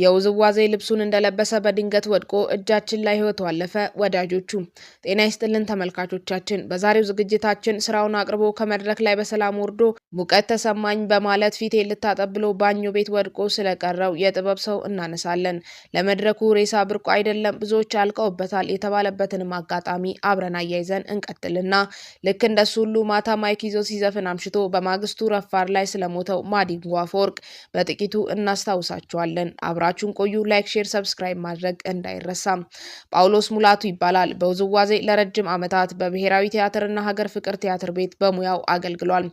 የውዝዋዜ ልብሱን እንደለበሰ በድንገት ወድቆ እጃችን ላይ ህይወቱ አለፈ። ወዳጆቹ ጤና ይስጥልን ተመልካቾቻችን፣ በዛሬው ዝግጅታችን ስራውን አቅርቦ ከመድረክ ላይ በሰላም ወርዶ ሙቀት ተሰማኝ በማለት ፊቴ ልታጠብ ብሎ ባኞ ቤት ወድቆ ስለቀረው የጥበብ ሰው እናነሳለን። ለመድረኩ ሬሳ ብርቁ አይደለም፣ ብዙዎች አልቀውበታል የተባለበትንም አጋጣሚ አብረን አያይዘን እንቀጥልና ልክ እንደሱ ሁሉ ማታ ማይክ ይዞ ሲዘፍን አምሽቶ በማግስቱ ረፋር ላይ ስለሞተው ማዲንጎ አፈወርቅ በጥቂቱ እናስታውሳቸዋለን። አብራችሁን ቆዩ። ላይክ፣ ሼር፣ ሰብስክራይብ ማድረግ እንዳይረሳም። ጳውሎስ ሙላቱ ይባላል። በውዝዋዜ ለረጅም ዓመታት በብሔራዊ ቲያትርና ሀገር ፍቅር ቲያትር ቤት በሙያው አገልግሏል።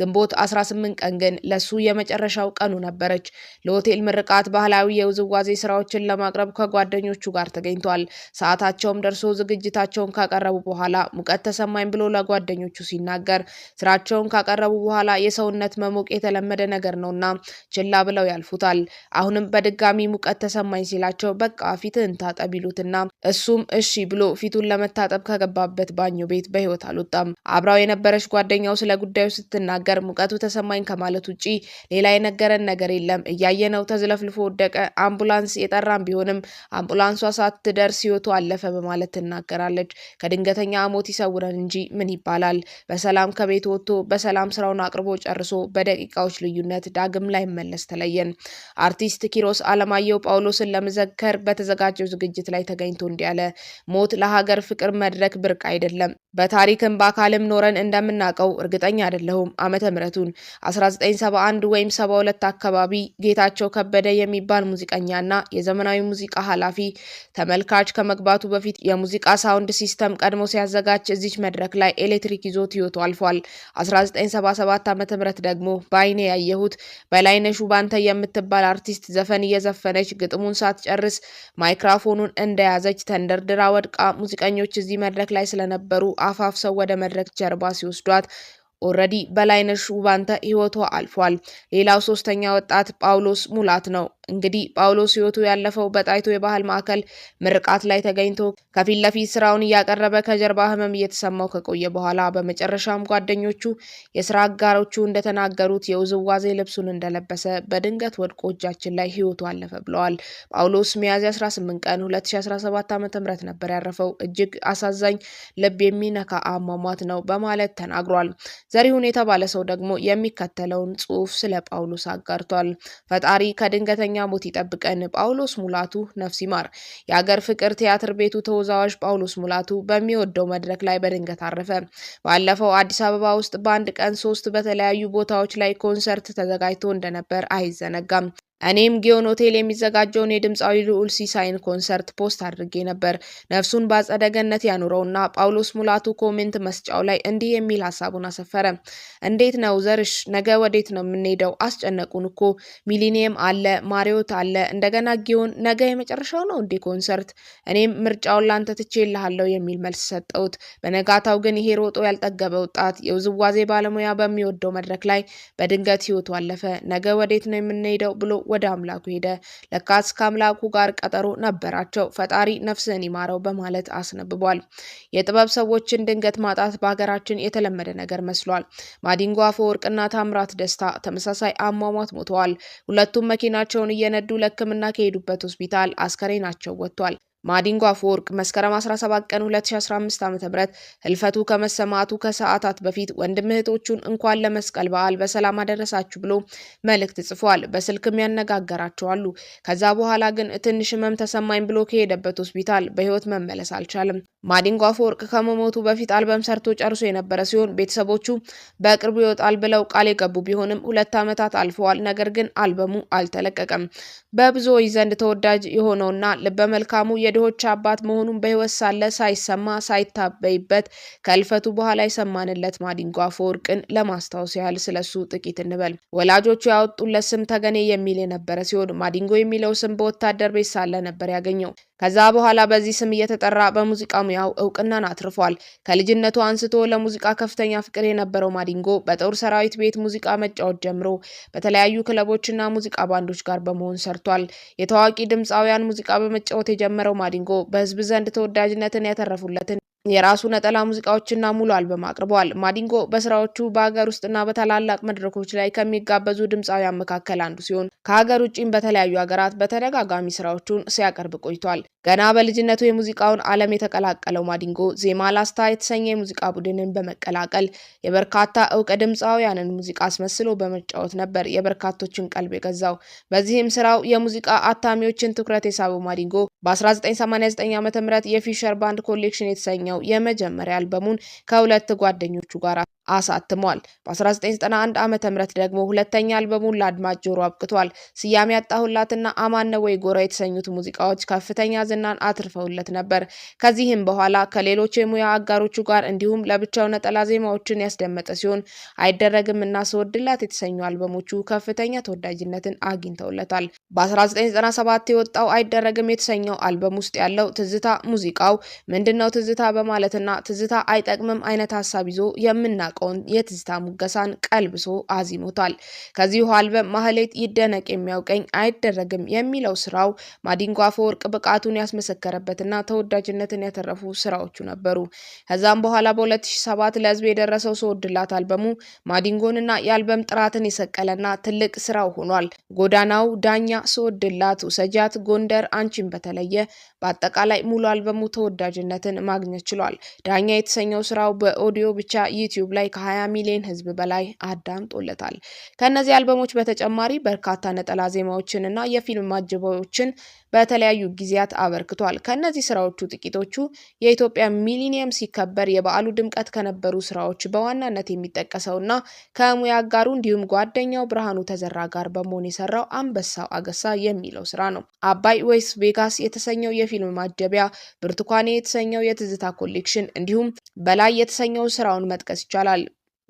ግንቦት 18 ቀን ግን ለሱ የመጨረሻው ቀኑ ነበረች። ለሆቴል ምርቃት ባህላዊ የውዝዋዜ ስራዎችን ለማቅረብ ከጓደኞቹ ጋር ተገኝቷል። ሰዓታቸውም ደርሶ ዝግጅታቸውን ካቀረቡ በኋላ ሙቀት ተሰማኝ ብሎ ለጓደኞቹ ሲናገር ስራቸውን ካቀረቡ በኋላ የሰውነት መሞቅ የተለመደ ነገር ነውና ችላ ብለው ያልፉታል። አሁንም በድጋሚ በድጋሚ ሙቀት ተሰማኝ ሲላቸው በቃ ፊትህን ታጠብ ይሉትና እሱም እሺ ብሎ ፊቱን ለመታጠብ ከገባበት ባኞ ቤት በህይወት አልወጣም። አብራው የነበረች ጓደኛው ስለ ጉዳዩ ስትናገር ሙቀቱ ተሰማኝ ከማለት ውጪ ሌላ የነገረን ነገር የለም። እያየነው ተዝለፍልፎ ወደቀ። አምቡላንስ የጠራም ቢሆንም አምቡላንሷ ሳትደርስ ህይወቱ አለፈ በማለት ትናገራለች። ከድንገተኛ ሞት ይሰውረን እንጂ ምን ይባላል። በሰላም ከቤት ወጥቶ በሰላም ስራውን አቅርቦ ጨርሶ በደቂቃዎች ልዩነት ዳግም ላይ መለስ ተለየን። አርቲስት ኪሮስ አለማየሁ ጳውሎስን ለመዘከር በተዘጋጀው ዝግጅት ላይ ተገኝቶ እንዲህ አለ። ሞት ለሀገር ፍቅር መድረክ ብርቅ አይደለም። በታሪክም በአካልም ኖረን እንደምናውቀው እርግጠኛ አይደለሁም። ዓመተ ምሕረቱን 1971 ወይም 72 አካባቢ ጌታቸው ከበደ የሚባል ሙዚቀኛና የዘመናዊ ሙዚቃ ኃላፊ ተመልካች ከመግባቱ በፊት የሙዚቃ ሳውንድ ሲስተም ቀድሞ ሲያዘጋጅ እዚች መድረክ ላይ ኤሌክትሪክ ይዞ ህይወቱ አልፏል። 1977 ዓ.ም ደግሞ በአይኔ ያየሁት በላይነሽ ባንተ የምትባል አርቲስት ዘፈን እየዘፈነች ግጥሙን ሳትጨርስ ማይክራፎኑን እንደያዘች ተንደርድራ ወድቃ ሙዚቀኞች እዚህ መድረክ ላይ ስለነበሩ አፋፍሰው ወደ መድረክ ጀርባ ሲወስዷት ኦረዲ በላይነሽ ውባንተ ህይወቱ አልፏል። ሌላው ሶስተኛ ወጣት ጳውሎስ ሙላት ነው። እንግዲህ ጳውሎስ ህይወቱ ያለፈው በጣይቶ የባህል ማዕከል ምርቃት ላይ ተገኝቶ ከፊት ለፊት ስራውን እያቀረበ ከጀርባ ህመም እየተሰማው ከቆየ በኋላ በመጨረሻም ጓደኞቹ፣ የስራ አጋሮቹ እንደተናገሩት የውዝዋዜ ልብሱን እንደለበሰ በድንገት ወድቆ እጃችን ላይ ህይወቱ አለፈ ብለዋል። ጳውሎስ ሚያዝያ 18 ቀን 2017 ዓ ም ነበር ያረፈው። እጅግ አሳዛኝ ልብ የሚነካ አሟሟት ነው በማለት ተናግሯል። ዘሪሁን የተባለ ሰው ደግሞ የሚከተለውን ጽሁፍ ስለ ጳውሎስ አጋርቷል። ፈጣሪ ከድንገተኛ ሞት ይጠብቀን። ጳውሎስ ሙላቱ ነፍስ ይማር። የአገር ፍቅር ቲያትር ቤቱ ተወዛዋዥ ጳውሎስ ሙላቱ በሚወደው መድረክ ላይ በድንገት አረፈ። ባለፈው አዲስ አበባ ውስጥ በአንድ ቀን ሶስት በተለያዩ ቦታዎች ላይ ኮንሰርት ተዘጋጅቶ እንደነበር አይዘነጋም። እኔም ጊዮን ሆቴል የሚዘጋጀውን የድምፃዊ ልዑል ሲሳይን ኮንሰርት ፖስት አድርጌ ነበር። ነፍሱን በአጸደ ገነት ያኑረውና ጳውሎስ ሙላቱ ኮሜንት መስጫው ላይ እንዲህ የሚል ሀሳቡን አሰፈረ። እንዴት ነው ዘርሽ? ነገ ወዴት ነው የምንሄደው? አስጨነቁን እኮ ሚሊኒየም አለ፣ ማሪዮት አለ፣ እንደገና ጊዮን። ነገ የመጨረሻው ነው እንዴ ኮንሰርት? እኔም ምርጫውን ላንተ ትቼልሃለሁ የሚል መልስ ሰጠሁት። በነጋታው ግን ይሄ ሮጦ ያልጠገበ ወጣት የውዝዋዜ ባለሙያ በሚወደው መድረክ ላይ በድንገት ህይወቱ አለፈ። ነገ ወዴት ነው የምንሄደው ብሎ ወደ አምላኩ ሄደ። ለካስ ከአምላኩ ጋር ቀጠሮ ነበራቸው። ፈጣሪ ነፍስህን ይማረው በማለት አስነብቧል። የጥበብ ሰዎችን ድንገት ማጣት በሀገራችን የተለመደ ነገር መስሏል። ማዲንጎ አፈወርቅና ታምራት ደስታ ተመሳሳይ አሟሟት ሞተዋል። ሁለቱም መኪናቸውን እየነዱ ለህክምና ከሄዱበት ሆስፒታል አስከሬናቸው ወጥቷል። ማዲንጎ አፈወርቅ መስከረም 17 ቀን 2015 ዓ ም ህልፈቱ ከመሰማቱ ከሰዓታት በፊት ወንድም እህቶቹን እንኳን ለመስቀል በዓል በሰላም አደረሳችሁ ብሎ መልእክት ጽፏል። በስልክም ያነጋገራቸው አሉ። ከዛ በኋላ ግን ትንሽ ህመም ተሰማኝ ብሎ ከሄደበት ሆስፒታል በህይወት መመለስ አልቻለም። ማዲንጎ አፈወርቅ ከመሞቱ በፊት አልበም ሰርቶ ጨርሶ የነበረ ሲሆን ቤተሰቦቹ በቅርቡ ይወጣል ብለው ቃል የገቡ ቢሆንም ሁለት ዓመታት አልፈዋል። ነገር ግን አልበሙ አልተለቀቀም። በብዙዎች ዘንድ ተወዳጅ የሆነውና ልበ መልካሙ የድሆች አባት መሆኑን በሕይወት ሳለ ሳይሰማ ሳይታበይበት ከእልፈቱ በኋላ የሰማንለት ማዲንጎ አፈወርቅን ለማስታወስ ያህል ስለሱ ጥቂት እንበል። ወላጆቹ ያወጡለት ስም ተገኔ የሚል የነበረ ሲሆን ማዲንጎ የሚለው ስም በወታደር ቤት ሳለ ነበር ያገኘው። ከዛ በኋላ በዚህ ስም እየተጠራ በሙዚቃ ሙያው እውቅናን አትርፏል። ከልጅነቱ አንስቶ ለሙዚቃ ከፍተኛ ፍቅር የነበረው ማዲንጎ በጦር ሰራዊት ቤት ሙዚቃ መጫወት ጀምሮ በተለያዩ ክለቦችና ሙዚቃ ባንዶች ጋር በመሆን ሰርቷል። የታዋቂ ድምፃውያን ሙዚቃ በመጫወት የጀመረው ማዲንጎ በህዝብ ዘንድ ተወዳጅነትን ያተረፉለትን የራሱ ነጠላ ሙዚቃዎችና ሙሉ አልበም አቅርበዋል። ማዲንጎ በስራዎቹ በሀገር ውስጥና በታላላቅ መድረኮች ላይ ከሚጋበዙ ድምፃውያን መካከል አንዱ ሲሆን ከሀገር ውጭም በተለያዩ ሀገራት በተደጋጋሚ ስራዎቹን ሲያቀርብ ቆይቷል። ገና በልጅነቱ የሙዚቃውን ዓለም የተቀላቀለው ማዲንጎ ዜማ ላስታ የተሰኘ የሙዚቃ ቡድንን በመቀላቀል የበርካታ እውቅ ድምፃውያንን ሙዚቃ አስመስሎ በመጫወት ነበር የበርካቶችን ቀልብ የገዛው። በዚህም ስራው የሙዚቃ አታሚዎችን ትኩረት የሳበው ማዲንጎ በ1989 ዓ ም የፊሸር ባንድ ኮሌክሽን የተሰኘው የመጀመሪያ አልበሙን ከሁለት ጓደኞቹ ጋር አሳትሟል። በ1991 ዓ ም ደግሞ ሁለተኛ አልበሙን ለአድማጭ ጆሮ አብቅቷል። ስያሜ ያጣሁላትና አማነ ወይ ጎራ የተሰኙት ሙዚቃዎች ከፍተኛ ዝናን አትርፈውለት ነበር። ከዚህም በኋላ ከሌሎች የሙያ አጋሮቹ ጋር እንዲሁም ለብቻው ነጠላ ዜማዎችን ያስደመጠ ሲሆን አይደረግም እና ስወድላት የተሰኙ አልበሞቹ ከፍተኛ ተወዳጅነትን አግኝተውለታል። በ1997 የወጣው አይደረግም የተሰኘው በተሰኘው አልበም ውስጥ ያለው ትዝታ ሙዚቃው ምንድነው ትዝታ በማለትና ትዝታ አይጠቅምም አይነት ሀሳብ ይዞ የምናውቀውን የትዝታ ሙገሳን ቀልብሶ አዚሞታል። ከዚሁ አልበም ማህሌት ይደነቅ የሚያውቀኝ አይደረግም የሚለው ስራው ማዲንጎ አፈወርቅ ብቃቱን ያስመሰከረበትና ተወዳጅነትን ያተረፉ ስራዎቹ ነበሩ። ከዛም በኋላ በ2007 ለህዝብ የደረሰው ሰወድላት አልበሙ ማዲንጎንና የአልበም ጥራትን የሰቀለና ትልቅ ስራው ሆኗል። ጎዳናው ዳኛ፣ ሰወድላት፣ ውሰጃት፣ ጎንደር አንቺን በተለይ እየታየ በአጠቃላይ ሙሉ አልበሙ ተወዳጅነትን ማግኘት ችሏል። ዳኛ የተሰኘው ስራው በኦዲዮ ብቻ ዩቲዩብ ላይ ከ20 ሚሊዮን ህዝብ በላይ አዳምጦለታል። ከእነዚህ አልበሞች በተጨማሪ በርካታ ነጠላ ዜማዎችን እና የፊልም ማጀባዎችን በተለያዩ ጊዜያት አበርክቷል። ከእነዚህ ስራዎቹ ጥቂቶቹ የኢትዮጵያ ሚሊኒየም ሲከበር የበዓሉ ድምቀት ከነበሩ ስራዎች በዋናነት የሚጠቀሰው እና ከሙያ አጋሩ እንዲሁም ጓደኛው ብርሃኑ ተዘራ ጋር በመሆን የሰራው አንበሳው አገሳ የሚለው ስራ ነው። አባይ ወይስ ቬጋስ የተሰኘው የፊልም ማጀቢያ፣ ብርቱካኔ የተሰኘው የትዝታ ኮሌክሽን እንዲሁም በላይ የተሰኘው ስራውን መጥቀስ ይቻላል።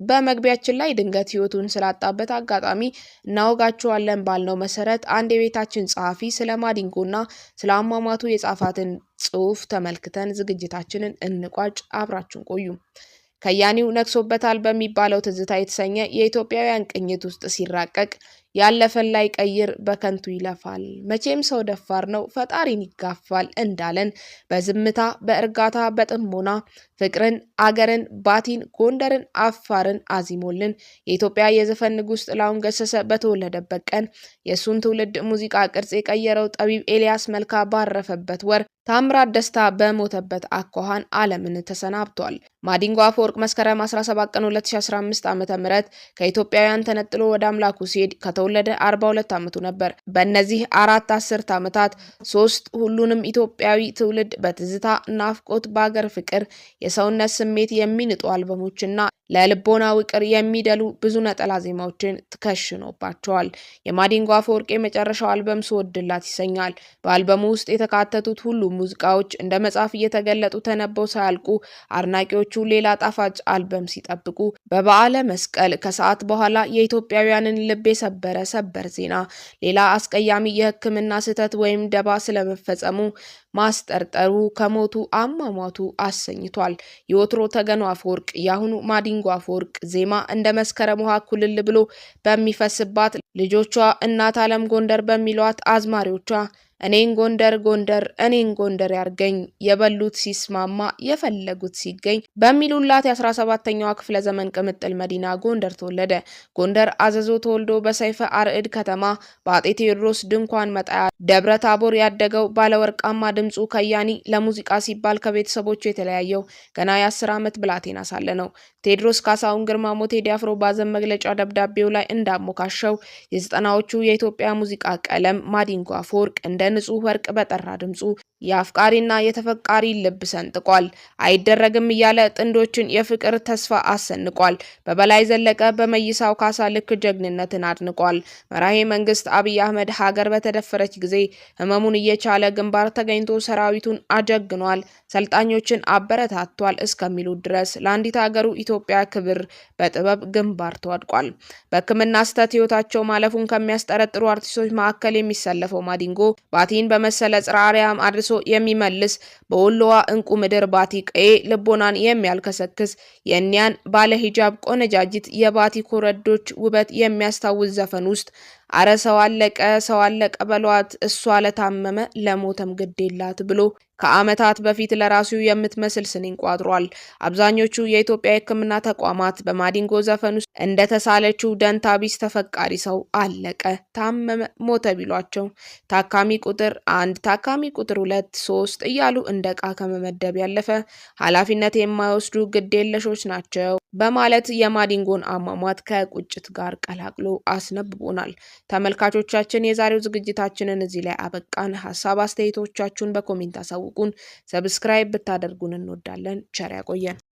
በመግቢያችን ላይ ድንገት ህይወቱን ስላጣበት አጋጣሚ እናወጋችኋለን ባልነው መሰረት አንድ የቤታችን ጸሐፊ ስለ ማዲንጎና ስለ አሟሟቱ የጻፋትን ጽሑፍ ተመልክተን ዝግጅታችንን እንቋጭ። አብራችን ቆዩ። ከያኒው ነግሶበታል በሚባለው ትዝታ የተሰኘ የኢትዮጵያውያን ቅኝት ውስጥ ሲራቀቅ ያለፈን ላይ ቀይር በከንቱ ይለፋል። መቼም ሰው ደፋር ነው፣ ፈጣሪን ይጋፋል እንዳለን በዝምታ በእርጋታ በጥሞና ፍቅርን፣ አገርን፣ ባቲን፣ ጎንደርን፣ አፋርን አዚሞልን የኢትዮጵያ የዘፈን ንጉሥ ጥላሁን ገሰሰ በተወለደበት ቀን የእሱን ትውልድ ሙዚቃ ቅርጽ የቀየረው ጠቢብ ኤልያስ መልካ ባረፈበት ወር ታምራት ደስታ በሞተበት አኳኋን ዓለምን ተሰናብቷል። ማዲንጎ አፈወርቅ መስከረም 17 ቀን 2015 ዓ.ም ከኢትዮጵያውያን ተነጥሎ ወደ አምላኩ ሲሄድ ከተወለደ 42 ዓመቱ ነበር። በእነዚህ አራት አስርት ዓመታት ሶስት ሁሉንም ኢትዮጵያዊ ትውልድ በትዝታ ናፍቆት፣ በአገር ፍቅር የሰውነት ስሜት የሚንጡ አልበሞችና ለልቦና ውቅር የሚደሉ ብዙ ነጠላ ዜማዎችን ትከሽኖባቸዋል። የማዲንጎ አፈወርቅ የመጨረሻው አልበም ስወድላት ይሰኛል። በአልበሙ ውስጥ የተካተቱት ሁሉ ሙዚቃዎች እንደ መጽሐፍ እየተገለጡ ተነበው ሳያልቁ አድናቂዎቹ ሌላ ጣፋጭ አልበም ሲጠብቁ በበዓለ መስቀል ከሰዓት በኋላ የኢትዮጵያውያንን ልብ የሰበረ ሰበር ዜና፣ ሌላ አስቀያሚ የሕክምና ስህተት ወይም ደባ ስለመፈጸሙ ማስጠርጠሩ ከሞቱ አሟሟቱ አሰኝቷል። የወትሮ ተገኑ አፈወርቅ የአሁኑ ማዲንጎ አፈወርቅ ዜማ እንደ መስከረም ውሃ ኩልል ብሎ በሚፈስባት ልጆቿ እናት ዓለም ጎንደር በሚሏት አዝማሪዎቿ እኔን ጎንደር ጎንደር እኔን ጎንደር ያርገኝ የበሉት ሲስማማ የፈለጉት ሲገኝ በሚሉላት የ 17 ሰባተኛዋ ክፍለ ዘመን ቅምጥል መዲና ጎንደር ተወለደ። ጎንደር አዘዞ ተወልዶ በሰይፈ አርዕድ ከተማ በአጤ ቴዎድሮስ ድንኳን መጣያ ደብረ ታቦር ያደገው ባለወርቃማ ድምፁ ከያኒ ለሙዚቃ ሲባል ከቤተሰቦቹ የተለያየው ገና የአስር ዓመት ብላቴና ሳለ ነው። ቴድሮስ ካሳሁን ግርማ ቴዲ አፍሮ በሐዘን መግለጫ ደብዳቤው ላይ እንዳሞካሸው የዘጠናዎቹ የኢትዮጵያ ሙዚቃ ቀለም ማዲንጎ አፈወርቅ እንደ ንጹህ ወርቅ በጠራ ድምፁ የአፍቃሪና የተፈቃሪ ልብ ሰንጥቋል። አይደረግም እያለ ጥንዶችን የፍቅር ተስፋ አሰንቋል። በበላይ ዘለቀ በመይሳው ካሳ ልክ ጀግንነትን አድንቋል። መራሄ መንግስት አብይ አህመድ ሀገር በተደፈረች ጊዜ ህመሙን እየቻለ ግንባር ተገኝቶ ሰራዊቱን አጀግኗል፣ ሰልጣኞችን አበረታቷል እስከሚሉ ድረስ ለአንዲት ሀገሩ ኢትዮጵያ ክብር በጥበብ ግንባር ተዋድቋል። በህክምና ስህተት ህይወታቸው ማለፉን ከሚያስጠረጥሩ አርቲስቶች መካከል የሚሰለፈው ማዲንጎ ባቲን በመሰለ ጽራሪያም መልሶ የሚመልስ በወሎዋ እንቁ ምድር ባቲ ቀዬ ልቦናን የሚያልከሰክስ የእኒያን ባለ ሂጃብ ቆነጃጅት የባቲ ኮረዶች ውበት የሚያስታውስ ዘፈን ውስጥ አረ ሰው አለቀ ሰው አለቀ በሏት፣ እሷ ለታመመ ለሞተም ግድ የላት ብሎ ከዓመታት በፊት ለራሱ የምትመስል ስንኝ ቋጥሯል። አብዛኞቹ የኢትዮጵያ የሕክምና ተቋማት በማዲንጎ ዘፈን ውስጥ እንደተሳለችው ደንታቢስ ተፈቃሪ ሰው አለቀ፣ ታመመ፣ ሞተ ቢሏቸው ታካሚ ቁጥር አንድ፣ ታካሚ ቁጥር ሁለት፣ ሶስት እያሉ እንደ ዕቃ ከመመደብ ያለፈ ኃላፊነት የማይወስዱ ግድ የለሾች ናቸው። በማለት የማዲንጎን አሟሟት ከቁጭት ጋር ቀላቅሎ አስነብቦናል። ተመልካቾቻችን የዛሬው ዝግጅታችንን እዚህ ላይ አበቃን። ሀሳብ አስተያየቶቻችሁን በኮሜንት አሳውቁን። ሰብስክራይብ ብታደርጉን እንወዳለን። ቸር ያቆየን።